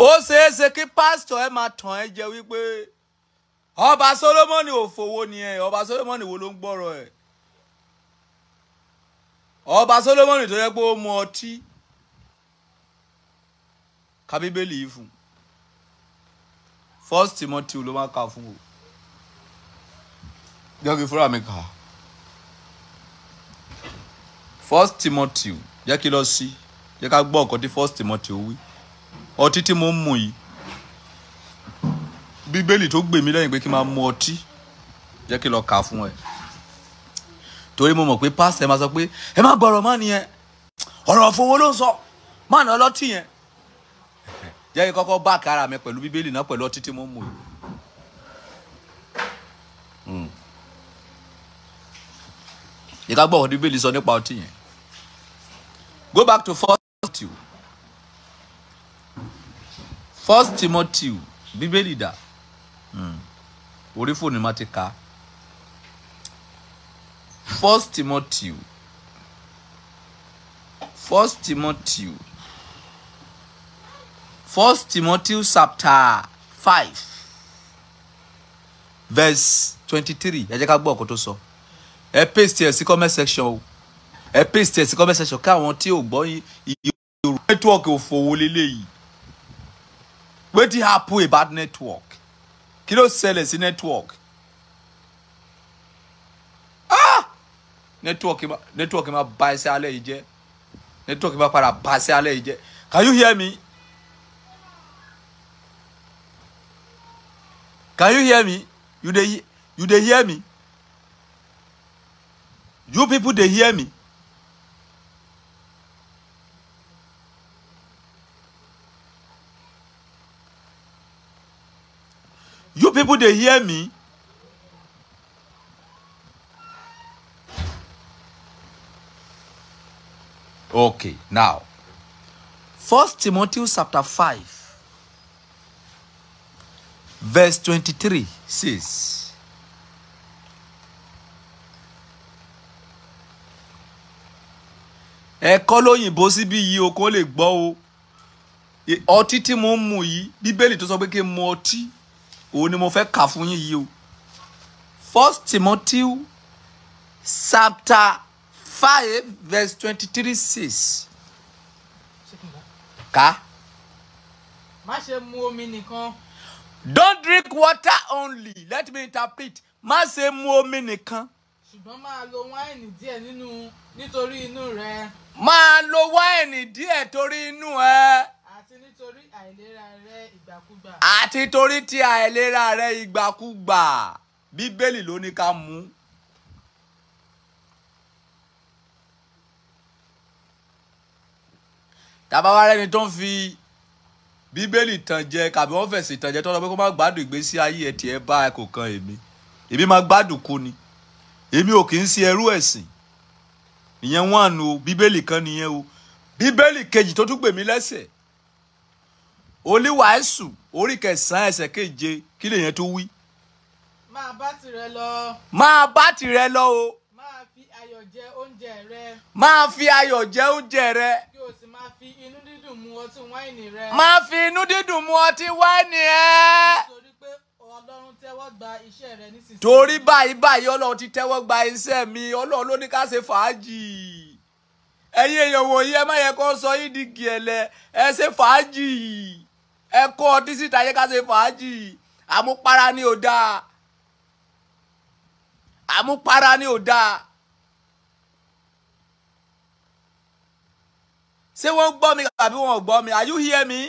ó ṣeéṣe kí pásítọ̀ ẹ máa tàn ẹ jẹ wípé ọba Solomoni ò fowó ni ẹ ọba Solomoni wo ló ń gbọ́rọ̀ ẹ ọba Solomoni tó yẹ pé ó mu ọtí ka yìí fún First Timothy ló máa kà fún o jẹ́ kí fúnra mi kà First Timothy jẹ́ kí lọ sí jẹ́ ká gbọ́ ọ̀kan tí First Timothy wí ọtí tí mo ń mu yìí bíbélì tó gbè mí lẹ́yìn pé kí n máa mu ọtí jẹ́ kí n lọ kà fún ẹ torí mo mọ̀ pé pásítọ̀ ẹ máa sọ pé ẹ má gbọ́rọ̀ má nìyẹn ọ̀rọ̀ fowó ló ń sọ má nà ọlọ́tí yẹn jẹ́ kí kọ́kọ́ bá àkàrà mi pẹ̀lú bíbélì náà pẹ̀lú ọtí tí mo ń mu yìí. Hmm. ìka gbọ́ ọ̀hún bíbélì sọ nípa ọtí yẹn go back to first Timothy first timothy bíbélì dà hmm. orí fóònù má ti ka first timothy first timothy first timothy chapter five verse twenty-three ẹ jẹ́ ká gbọ́ ọ̀kọ́ tó sọ ẹ paste ẹ sí comment section o ẹ paste ẹ sí comment section káwọn tí ò gbọ́ yìí yorùbá network òfò wo lélẹ́yìí wetin happen about network kí sell ṣẹlẹ̀ a network ah network ma network ma bà iṣẹ́ alẹ́ yìí jẹ́ network ma padà bà iṣẹ́ alẹ́ yìí jẹ́ can you hear me can you hear me you dey you dey hear me you people dey hear me. You people, they hear me. Okay, now. First Timothy chapter 5, verse 23 says, ẹ̀kọ́ lóyìnbó síbí yìí o kò lè gbọ́ o ọtí tí mo ń mu yìí bíbélì tó sọ pé kí n mu ọtí òun ni mo fẹ́ kà fún yín yìí o first timothy chapter five verse twenty three six ká. má ṣe mu omi nìkan. don't drink water only let me interpret má ṣe mu omi nìkan. ṣùgbọ́n máa lo wáìnì díẹ̀ nínú nítorí inú rẹ. máa lo wáìnì díẹ̀ torí inú ẹ. Eh àìlera rẹ ìgbàkúgbà. àti torí ti àìlera rẹ ìgbàkúgbà bíbélì ló ní ká mú. tàbá wa rẹni tó ń fi bíbélì tàn jẹ kàbí wọn fẹsẹ̀ tàn jẹ tọ́lọ́ pé kó má gbádùn ìgbésí ayé ẹ̀ tiẹ̀ bá ẹ kò kan èmi èmi máa gbádùn kú ni èmi ò kì í ṣe ẹrú ẹ̀sìn ìyẹn wọn àná o bíbélì kan nìyẹn o bíbélì kejì tó tún gbè mí oníwàásù orí kẹsàn-án ẹsẹ̀ keje kí lèèyàn tó wí. máa bá tirẹ̀ lọ. máa bá tirẹ̀ lọ o. máa fi ayọ̀ jẹ oúnjẹ rẹ. máa fi ayọ̀ jẹ oúnjẹ rẹ. kí o sì máa fi inú dídùn mu ọtí wáìnì rẹ. máa fi inú dídùn mu ọtí wáìnì ẹ. nítorí pé ọlọ́run tẹ́wọ́ gba iṣẹ́ rẹ nísinsìnyí. torí báyìí báyìí ọlọ́run ti tẹ́wọ́ gba iṣẹ́ mi ọlọ́run ló ní ká ṣe fàájì ẹ̀yin èèyàn wòye ẹ má yẹ kó sọ yín di gìẹ̀lẹ̀ ẹ ṣe fàájì yìí ẹ kó ọtí síta yẹ ká ṣe fàájì àmupara ni ò dáa àmupara ni ò dáa ṣé wọ́n gbọ́ mi àbí wọ́n ò gbọ́ mi are you hear me?